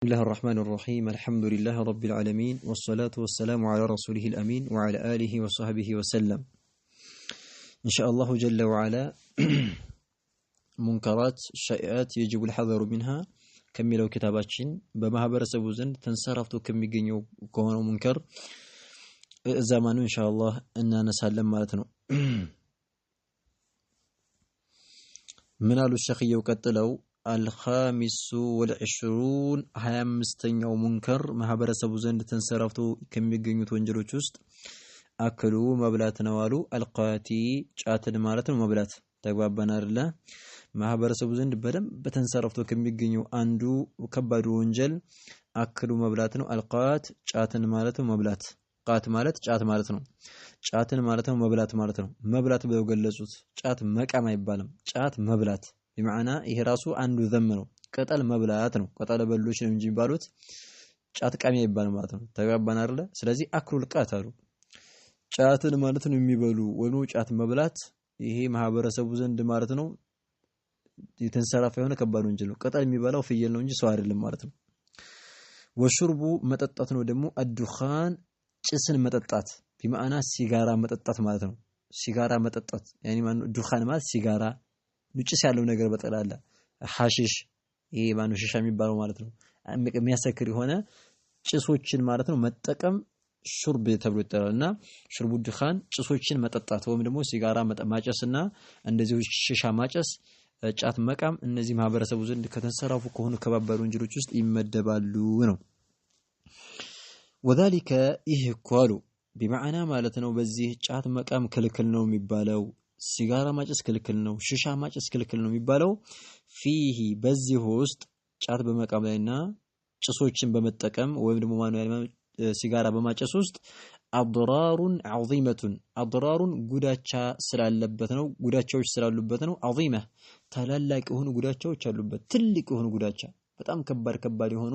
بسم الله الرحمن الرحيم الحمد لله رب العالمين والصلاة والسلام على رسوله الأمين وعلى آله وصحبه وسلم إن شاء الله جل وعلا منكرات الشائعات يجب الحذر منها كملوا كتاباتشين بمهابرسቡ ዘንድ ተንሰራፍቶ ከሚገኘው ከሆነው ሙንከር إن شاء الله أننا نسلم ምን منال الشخي ቀጥለው አልኻሚሱ ወልዕሽሩን ሀያ አምስተኛው ሙንከር ማህበረሰቡ ዘንድ ተንሰራፍቶ ከሚገኙት ወንጀሎች ውስጥ አክሉ መብላት ነው አሉ። አልቃቲ ጫትን ማለት ነው መብላት። ተግባባን አይደለ? ማህበረሰቡ ዘንድ በደንብ ተንሰራፍቶ ከሚገኘው አንዱ ከባዱ ወንጀል አክሉ መብላት ነው። አልቃት ጫትን ማለት ነው መብላት። ቃት ማለት ጫት ማለት ነው። ጫትን ማለት ነው መብላት ማለት ነው። መብላት ብለው ገለጹት። ጫት መቃም አይባልም። ጫት መብላት በመዓና ይሄ ራሱ አንዱ ዘም ነው። ቅጠል መብላት ነው። ቅጠል በሎች ነው እንጂ የሚባሉት ጫት ቃሚ አይባልም ማለት ነው። ተግባባን አይደለ? ስለዚህ አክሉል ቃት አሉ ጫትን ማለት ነው የሚበሉ ወይም ጫት መብላት ይሄ ማህበረሰቡ ዘንድ ማለት ነው የተንሰራፋ የሆነ ከባድ ወንጀል ነው። ቅጠል የሚበላው ፍየል ነው እንጂ ሰው አይደለም ማለት ነው። ወሹርቡ መጠጣት ነው ደግሞ አዱኻን ጭስን መጠጣት ቢማዕና ሲጋራ መጠጣት ማለት ነው። ሲጋራ መጠጣት ያኒ ማን ዱኻን ማለት ሲጋራ ምጭስ ያለው ነገር በጠቅላላ ሐሺሽ ይሄ ማነው ሺሻ የሚባለው ማለት ነው። የሚያሰክር የሆነ ጭሶችን ማለት ነው መጠቀም ሹርብ ተብሎ ይጠራል። እና ሹርቡ ድኻን ጭሶችን መጠጣት ወይም ደግሞ ሲጋራ ማጨስ እና እንደዚሁ ሽሻ ማጨስ፣ ጫት መቃም እነዚህ ማህበረሰቡ ዘንድ ከተንሰራፉ ከሆኑ ከባባድ ወንጀሎች ውስጥ ይመደባሉ ነው። ወዛሊከ ይህ እኮ አሉ ቢመዓና ማለት ነው በዚህ ጫት መቃም ክልክል ነው የሚባለው ሲጋራ ማጨስ ክልክል ነው፣ ሽሻ ማጨስ ክልክል ነው የሚባለው ፊሂ በዚህ ውስጥ ጫት በመቃም ላይና ጭሶችን በመጠቀም ወይም ደግሞ ማኑያል ሲጋራ በማጨስ ውስጥ አድራሩን ዓዚመቱን አድራሩን ጉዳቻ ስላለበት ነው፣ ጉዳቻዎች ስላሉበት ነው። ዓዚመ ታላላቅ የሆኑ ጉዳቻዎች አሉበት፣ ትልቅ የሆኑ ጉዳቻ፣ በጣም ከባድ ከባድ የሆኑ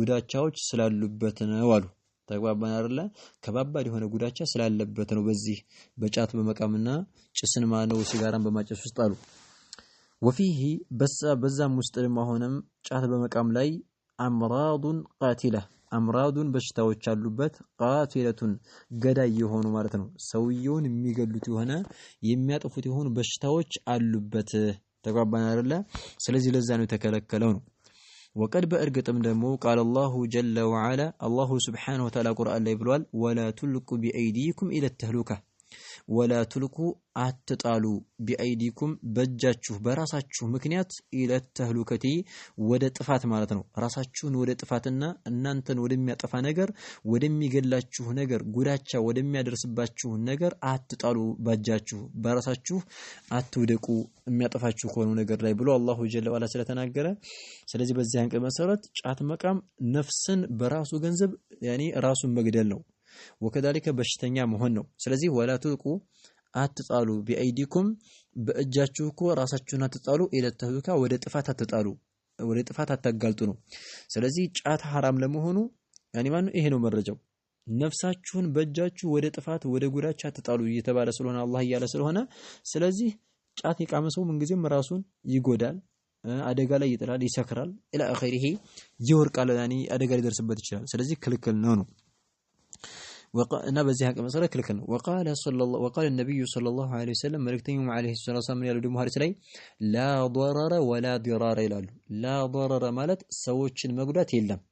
ጉዳቻዎች ስላሉበት ነው አሉ። ተግባባን አይደለ? ከባባድ የሆነ ጉዳቻ ስላለበት ነው። በዚህ በጫት በመቃምና ጭስን ማነው ሲጋራን በማጨስ ውስጥ አሉ። ወፊሂ በዛም ውስጥ ደግሞ አሁንም ጫት በመቃም ላይ አምራዱን ቃቲላ አምራዱን በሽታዎች አሉበት። ቃቲለቱን ገዳይ የሆኑ ማለት ነው። ሰውየውን የሚገሉት የሆነ የሚያጠፉት የሆኑ በሽታዎች አሉበት። ተግባባን አይደለ? ስለዚህ ለዛ ነው የተከለከለው ነው وقد بأرقتم دمو قال الله جل وعلا الله سبحانه وتعالى قرآن لا ولا تلقوا بأيديكم إلى التهلكة ወላ ቱልኩ አትጣሉ ቢአይዲኩም በእጃችሁ በራሳችሁ ምክንያት ኢለት ተህሉከቲ ወደ ጥፋት ማለት ነው። ራሳችሁን ወደ ጥፋትና እናንተን ወደሚያጠፋ ነገር፣ ወደሚገላችሁ ነገር፣ ጉዳቻ ወደሚያደርስባችሁ ነገር አትጣሉ። በእጃችሁ በራሳችሁ አትውደቁ የሚያጠፋችሁ ከሆነ ነገር ላይ ብሎ አላሁ ጀለ ዋላ ስለተናገረ፣ ስለዚህ በዚህ አንቀጽ መሰረት ጫት መቃም ነፍስን በራሱ ገንዘብ ያኔ ራሱን መግደል ነው። ወከዛሊከ በሽተኛ መሆን ነው። ስለዚህ ወላ ትልቁ አትጣሉ፣ ቢአይዲኩም በእጃችሁ እኮ ራሳችሁን አትጣሉ፣ ኢለተህሉካ ወደ ጥፋት አትጣሉ፣ ወደ ጥፋት አታጋልጡ ነው። ስለዚህ ጫት ሐራም ለመሆኑ ያኔ ማነው ይሄ ነው መረጃው። ነፍሳችሁን በእጃችሁ ወደ ጥፋት ወደ ጉዳች አትጣሉ እየተባለ ስለሆነ አላህ እያለ ስለሆነ ስለዚህ ጫት የቃመ ሰው ምንጊዜም ራሱን ይጎዳል፣ አደጋ ላይ ይጥላል፣ ይሰክራል፣ ኢላ አኺሪሂ ይወርቃል፣ ያኔ አደጋ ሊደርስበት ይችላል። ስለዚህ ክልክል ነው ነው እና በዚህ ሀቅ መሰረት ክልክ ነው። ወቃለ ነቢዩ ሰለላሁ ዐለይሂ ወሰለም መልእክተኛውም ዐለይሂ ሰላቱ ወሰላም ያሉ ደግሞ ሐዲስ ላይ ላ ضረረ ወላ ዲራረ ይላሉ። ላ ضረረ ማለት ሰዎችን መጉዳት የለም፣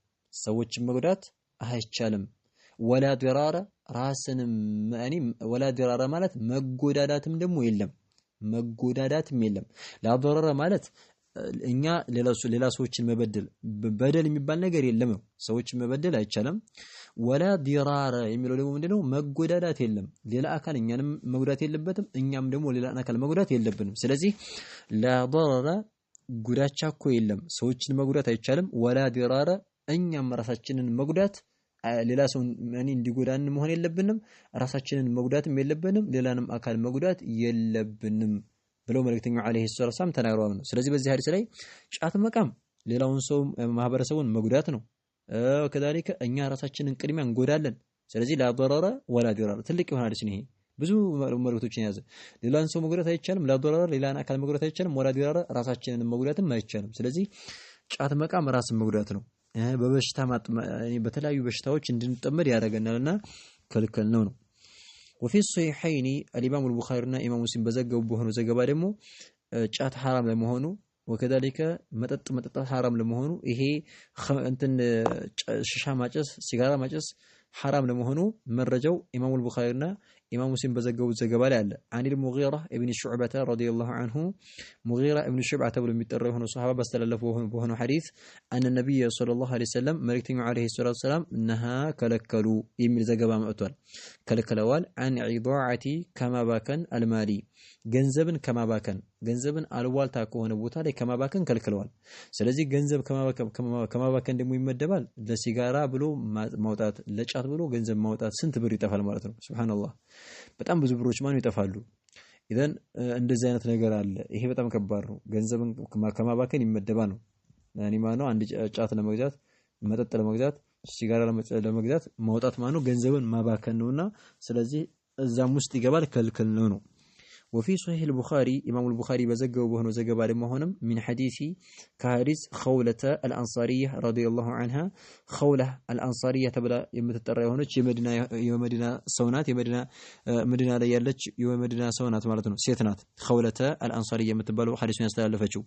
ሰዎችን መጉዳት አይቻልም። ወላ ዲራረ ራስንም ማኒ ወላ ዲራረ ማለት መጎዳዳትም ደግሞ የለም፣ መጎዳዳትም የለም። ላ ضረረ ማለት እኛ ሌላ ሰዎችን መበደል በደል የሚባል ነገር የለም ነው። ሰዎችን መበደል አይቻልም። ወላ ዲራረ የሚለው ደግሞ ምንድነው? መጎዳዳት የለም። ሌላ አካል እኛንም መጉዳት የለበትም፣ እኛም ደግሞ ሌላ አካል መጉዳት የለብንም። ስለዚህ ላበረራ ጉዳቻ እኮ የለም። ሰዎችን መጉዳት አይቻልም። ወላ ዲራራ እኛም ራሳችንን መጉዳት ሌላ ሰው እኔ እንዲጎዳን መሆን የለብንም። ራሳችንን መጉዳትም የለብንም። ሌላንም አካል መጉዳት የለብንም። ብለው መልእክተኛው ዓለይሂ ሰላቱ ወሰላም ተናግረዋል ነው። ስለዚህ በዚህ ሀዲስ ላይ ጫት መቃም ሌላውን ሰው ማህበረሰቡን መጉዳት ነው። ከዛሊከ እኛ ራሳችንን ቅድሚያ እንጎዳለን። ስለዚህ ላዶራረ ወላ ዲራረ ትልቅ የሆነ ሀዲስ ነው። ብዙ መልእክቶችን የያዘ ሌላን ሰው መጉዳት አይቻልም፣ ላዶራረ ሌላን አካል መጉዳት አይቻልም፣ ወላ ዲራረ ራሳችንን መጉዳትም አይቻልም። ስለዚህ ጫት መቃም ራስን መጉዳት ነው። በበሽታ በተለያዩ በሽታዎች እንድንጠመድ ያደርገናልና ክልክል ነው ነው ወፊ ሶሒሐይኒ አልኢማሙ አልቡኻሪና ኢማም ሙስሊም በዘገቡ በሆነው ዘገባ ደግሞ ጫት ሐራም ለመሆኑ ወከዛሊከ መጠጥ መጠጣት ሐራም ለመሆኑ ይሄ እንትን ሽሻ ማጨስ ሲጋራ ማጨስ ሐራም ለመሆኑ መረጃው ኢማሙ አልቡኻሪና ኢማም ሙስሊም በዘገቡት ዘገባ ላይ አለ አኒል ሙጊራ እብን ሹዕበተ ረዲየላሁ አንሁ ሙጊራ እብን ሹዕባ ተብሎ የሚጠራው የሆነ ሰሃባ ባስተላለፉ በሆነው ሐዲስ አነ ነቢይ ሰለላሁ ዐለይሂ ወሰለም መልእክተኛው ዐለይሂ ሰላቱ ወሰላም እነሃ ከለከሉ የሚል ዘገባ መጥቷል። ከለከለዋል አን ኢዳዓቲ ከማባከን አልማሊ ገንዘብን ከማባከን ገንዘብን አልቧልታ ከሆነ ቦታ ላይ ከማባከን ከልክለዋል። ስለዚህ ገንዘብ ከማባከን ደግሞ ይመደባል። ለሲጋራ ብሎ ማውጣት፣ ለጫት ብሎ ገንዘብ ማውጣት ስንት ብር ይጠፋል ማለት ነው። ሱብሃነላህ በጣም ብዙ ብሮች ማነው ይጠፋሉ። ኢዘን እንደዚህ አይነት ነገር አለ። ይሄ በጣም ከባድ ነው። ገንዘብን ከማባከን ይመደባ ነው ያኔ ማነው አንድ ጫት ለመግዛት መጠጥ ለመግዛት ሲጋራ ለመግዛት ማውጣት ማነው ገንዘብን ማባከን ነውና ስለዚህ እዛም ውስጥ ይገባል፣ ከልክል ነው ነው وفي صحيح البخاري إمام البخاري بزق وبهن وزقه بارم من حديث كارز خولة الأنصارية رضي الله عنها خولة الأنصارية تبلا يمتترى مدينة يوم مدينة سونات يوم مدينة آه، مدينة ليالج يوم مدينة سونات مالتنا سيتنات خولة الأنصارية متبلو حديث يستلفتشو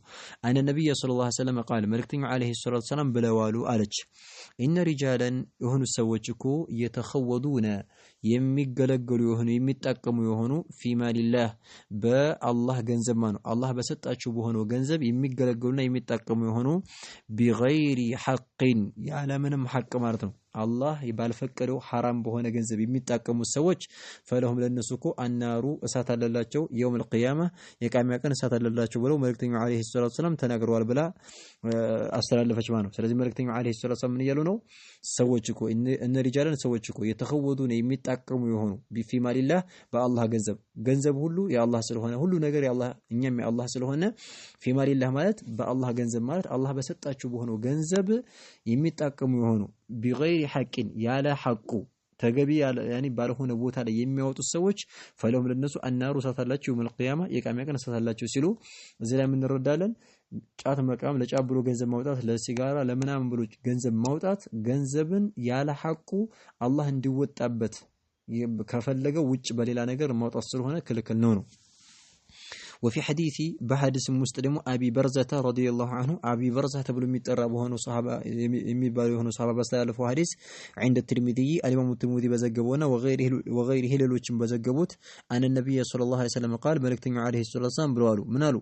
أن النبي صلى الله عليه وسلم قال ملكت عليه الصلاة والسلام بلوالو آلج إن رجالا يهون سوتشكو يتخوضون يمي قلقل يهون يمي يهون في مال الله በአላህ ገንዘብ ማለት ነው። አላህ በሰጣቸው በሆነው ገንዘብ የሚገለገሉና የሚጠቀሙ የሆኑ ቢገይሪ ሐቅን ያለምንም ሐቅ ማለት ነው። አላህ ባልፈቀደው ሐራም በሆነ ገንዘብ የሚጣቀሙት ሰዎች ፈለሁም ለነሱ እኮ አናሩ እሳት አለላቸው፣ የውመል ቂያማ የቂያማ ቀን እሳት አለላቸው ብለው መልእክተኛው ዓለይሂ ሰላቱ ወሰላም ተናግረዋል ብላ አስተላለፈች ማለት ነው። ስለዚህ መልእክተኛው ዓለይሂ ሰላቱ ወሰላም ምን እያሉ ነው? ሰዎች እኮ እነ ሪጃለን ሰዎች እኮ የተኸወዱን የሚጣቀሙ የሆኑ ፊማ ሊላህ በአላህ ገንዘብ ገንዘብ ሁሉ የአላህ ስለሆነ ሁሉ ነገር የአላህ እኛም የአላህ ስለሆነ ፊማ ሊላህ ማለት በአላህ ገንዘብ ማለት አላህ በሰጣችሁ በሆነው ገንዘብ የሚጣቀሙ የሆኑ ቢገይሪ ቢገይሪ ሐቂን ያለ ሐቁ ተገቢ ባልሆነ ቦታ ላይ የሚያወጡት ሰዎች ፈለሁም ለነሱ አናሩ እሳት የውመል ቂያማ የቂያማ ቀን እሳት ሲሉ እዚህ ላይ የምንረዳለን። ጫት መቃም፣ ለጫት ብሎ ገንዘብ ማውጣት፣ ለሲጋራ ለምናምን ብሎ ገንዘብ ማውጣት ገንዘብን ያለ ሐቁ አላህ እንዲወጣበት ከፈለገው ውጭ በሌላ ነገር ማውጣት ስለሆነ ክልክል ነው ነው وفي حديث بحد اسم مسلم أبي برزة رضي الله عنه أبي برزة تبلو ميتر أبوهن صحابة يمي هنا صحابة بس تعرف حديث عند الترمذي الإمام الترمذي بزجبونا وغيره وغيره للوش بزجبوت أن النبي صلى الله عليه وسلم قال ملك عليه الصلاة والسلام بروالو منالو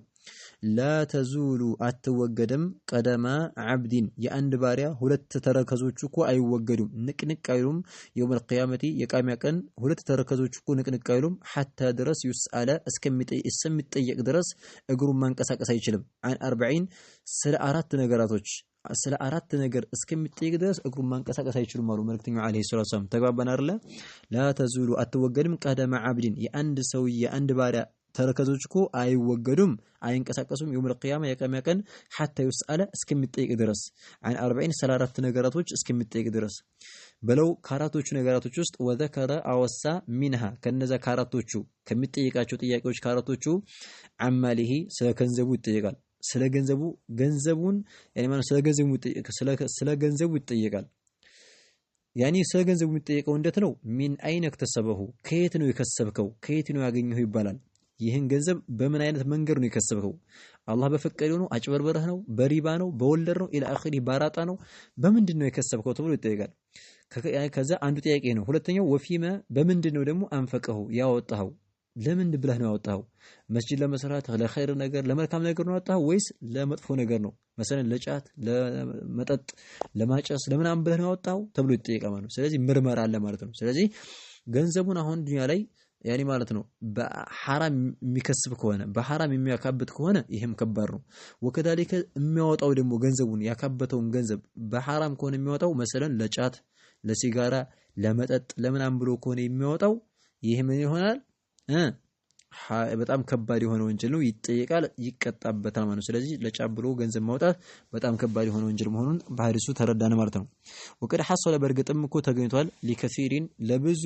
ላተዙሉ አትወገደም ቀደማ ዓብዲን የአንድ ባሪያ ሁለት ተረከዞች እኮ አይወገዱም፣ ንቅንቅ አይሉም። የውመል ቂያመቲ የቃሚያ ቀን ሁለት ተረከዞች እኮ ንቅንቅ አይሉም። ሓታ ድረስ ዩስአለ እስከሚጠየቅ ድረስ እግሩን ማንቀሳቀስ አይችልም። አን አርበዒን ስለ አራት ነገራቶች ስለ አራት ነገር እስከሚጠይቅ ድረስ እግሩን ማንቀሳቀስ አይችሉም አሉ መልእክተኛው ዓለይሂ ሰላቱ ወሰላም። ተግባባን አይደለ? ላተዙሉ አትወገድም ቀደመ ዓብዲን የአንድ ሰውዬ የአንድ ባሪያ ተረከዞች እኮ አይወገዱም፣ አይንቀሳቀሱም። የውመል ቂያማ የቂያማ ቀን ሐታ ይስአለ እስከሚጠይቅ ድረስ አን አርበዒን ስለ አራት ነገራቶች እስከሚጠይቅ ድረስ በለው። ከአራቶቹ ነገራቶች ውስጥ ወዘከረ አወሳ ሚንሃ ከነዛ ከአራቶቹ ከሚጠይቃቸው ጥያቄዎች ከአራቶቹ አማሊሂ ስለ ገንዘቡ ይጠየቃል። ስለ ገንዘቡ ገንዘቡን ስለ ገንዘቡ ይጠየቃል። ያኔ ስለ ገንዘቡ የሚጠየቀው እንደት ነው? ሚን አይነ ክተሰበሁ ከየት ነው የከሰብከው ከየት ነው ያገኘሁ ይባላል። ይህን ገንዘብ በምን አይነት መንገድ ነው የከሰብከው? አላህ በፈቀደው ነው? አጭበርበረህ ነው? በሪባ ነው? በወለድ ነው? ኢላ አኺሪ ባራጣ ነው? በምንድን ነው የከሰብከው ተብሎ ይጠይቃል። ከዛ አንዱ ጥያቄ ነው። ሁለተኛው ወፊመ በምንድን ነው ደግሞ አንፈቀው ያወጣው ለምን ብለህ ነው ያወጣው? መስጂድ ለመስራት ለኸይር ነገር ለመልካም ነገር ነው ያወጣው ወይስ ለመጥፎ ነገር ነው? መሰለን ለጫት፣ ለመጠጥ፣ ለማጨስ ለምናምን ብለህ ነው ያወጣው ተብሎ ይጠይቃል ማለት ነው። ስለዚህ ምርመራ አለ ማለት ነው። ስለዚህ ገንዘቡን አሁን ዱንያ ላይ ያኔ ማለት ነው በሐራም የሚከስብ ከሆነ በሐራም የሚያካብት ከሆነ ይህም ከባድ ነው። ወከዳሊከ የሚያወጣው ደግሞ ገንዘቡን ያካበተውን ገንዘብ በሐራም ከሆነ የሚያወጣው መሰለን ለጫት፣ ለሲጋራ፣ ለመጠጥ፣ ለምናምን ብሎ ከሆነ የሚያወጣው ይህ ምን ይሆናል? በጣም ከባድ የሆነ ወንጀል ነው፣ ይጠየቃል፣ ይቀጣበታል ማለት ነው። ስለዚህ ለጫፍ ብሎ ገንዘብ ማውጣት በጣም ከባድ የሆነ ወንጀል መሆኑን በሐዲሱ ተረዳን ማለት ነው። ወቀድ ሐሰለ በእርግጥም እኮ ተገኝቷል ሊከሲሪን ለብዙ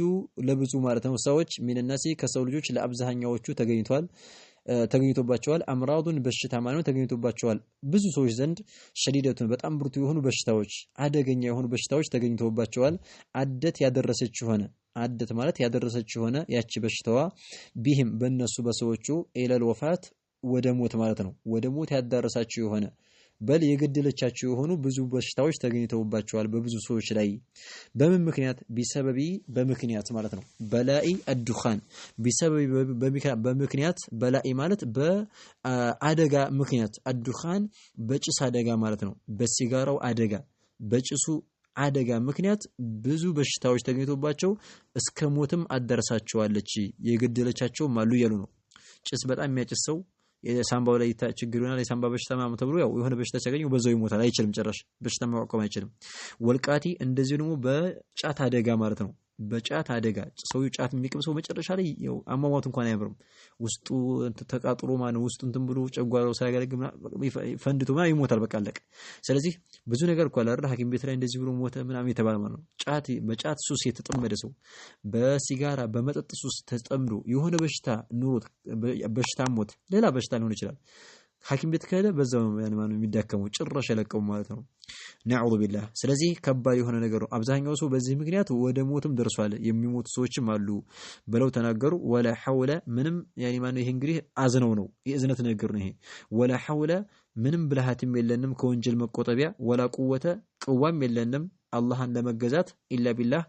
ለብዙ ማለት ነው ሰዎች ሚንናሲ ከሰው ልጆች ለአብዛኛዎቹ ተገኝቷል ተገኝቶባቸዋል አምራዱን በሽታ ማለት ተገኝቶባቸዋል ብዙ ሰዎች ዘንድ ሸዲደቱን በጣም ብርቱ የሆኑ በሽታዎች አደገኛ የሆኑ በሽታዎች ተገኝቶባቸዋል አደት ያደረሰች ሆነ አደት ማለት ያደረሰች የሆነ ያቺ በሽታዋ ቢህም በነሱ በሰዎቹ ኤለል ወፋት ወደ ሞት ማለት ነው። ወደ ሞት ያዳረሳቸው የሆነ በል የገደለቻቸው የሆኑ ብዙ በሽታዎች ተገኝተውባቸዋል በብዙ ሰዎች ላይ። በምን ምክንያት? ቢሰበቢ በምክንያት ማለት ነው። በላኢ አዱኻን ቢሰበቢ በምክንያት በላኢ ማለት በአደጋ ምክንያት፣ አዱኻን በጭስ አደጋ ማለት ነው። በሲጋራው አደጋ በጭሱ አደጋ ምክንያት ብዙ በሽታዎች ተገኝቶባቸው እስከ ሞትም አደረሳቸዋለች የገደለቻቸውም አሉ እያሉ ነው። ጭስ በጣም የሚያጭስ ሰው የሳምባው ላይ ችግር ይሆናል፣ የሳምባ በሽታ ምናምን ተብሎ ያው የሆነ በሽታ ሲያገኝ በዛው ይሞታል። አይችልም፣ ጭራሽ በሽታ መቋቋም አይችልም። ወልቃቲ እንደዚሁ ደግሞ በጫት አደጋ ማለት ነው። በጫት አደጋ ሰው ጫት የሚቅም ሰው መጨረሻ ላይ ያው አሟሟቱ እንኳን አያምርም። ውስጡ ተቃጥሎ ማነው ውስጡ እንትን ብሎ ጨጓራው ሳያገለግል ፈንድቶ ምናምን ይሞታል። በቃ አለቀ። ስለዚህ ብዙ ነገር እኮ አለ አይደል? ሐኪም ቤት ላይ እንደዚህ ብሎ ሞተ ምናምን የተባለ ማለት ነው። ጫት በጫት ሱስ የተጠመደ ሰው በሲጋራ በመጠጥ ሱስ ተጠምዶ የሆነ በሽታ ኑሮት በሽታ ሞት ሌላ በሽታ ሊሆን ይችላል ሐኪም ቤት ከሄደ በዛው ነው የሚዳከመው፣ ጭራሽ ያለቀው ማለት ነው። ነዑዙ ቢላህ። ስለዚህ ከባድ የሆነ ነገር ነው። አብዛኛው ሰው በዚህ ምክንያት ወደ ሞትም ደርሷል። የሚሞቱ ሰዎችም አሉ ብለው ተናገሩ። ወላ ሐውለ ምንም ያኔ ማነው ይሄ እንግዲህ አዝነው ነው የእዝነት ነገር ነው ይሄ። ወላ ሐውለ ምንም ብልሃትም የለንም ከወንጀል መቆጠቢያ፣ ወላ ቁወተ ቅዋም የለንም አላህን ለመገዛት ኢላ ቢላህ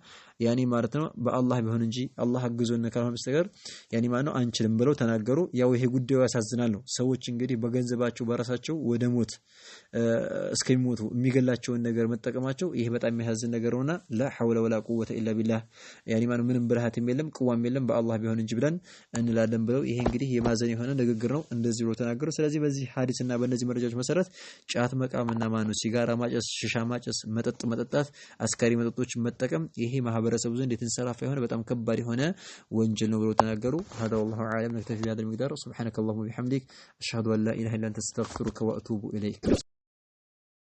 ያኔ ማለት ነው በአላህ ቢሆን እንጂ አላህ አግዞን ካልሆነ በስተቀር ያኔ ማለት ነው አንችልም ብለው ተናገሩ። ያው ይሄ ጉዳዩ ያሳዝናል ነው። ሰዎች እንግዲህ በገንዘባቸው በራሳቸው ወደ ሞት እስከሚሞቱ የሚገላቸውን ነገር መጠቀማቸው ይሄ በጣም የሚያሳዝን ነገር ነውና ላ ሐውለ ወላ ቁወተ ኢላ ቢላህ ያኔ ማለት ምንም ብልሃትም የለም ቅዋም የለም በአላህ ቢሆን እንጂ ብለን እንላለን ብለው ይሄ እንግዲህ የማዘን የሆነ ንግግር ነው። እንደዚህ ብሎ ተናገሩ። ስለዚህ በዚህ ሐዲስና በእነዚህ መረጃዎች መሰረት ጫት መቃምና ማነው ሲጋራ ማጨስ፣ ሽሻ ማጨስ፣ መጠጥ መጠጣት፣ አስካሪ መጠጦች መጠቀም ይሄ ማህበር በማህበረሰቡ ዘንድ የተንሰራፋ የሆነ በጣም ከባድ የሆነ ወንጀል ነው ብለው ተናገሩ። هذا والله أعلم نكتفي بهذا المقدار سبحانك اللهم وبحمدك أشهد أن لا إله إلا أنت أستغفرك وأتوب إليك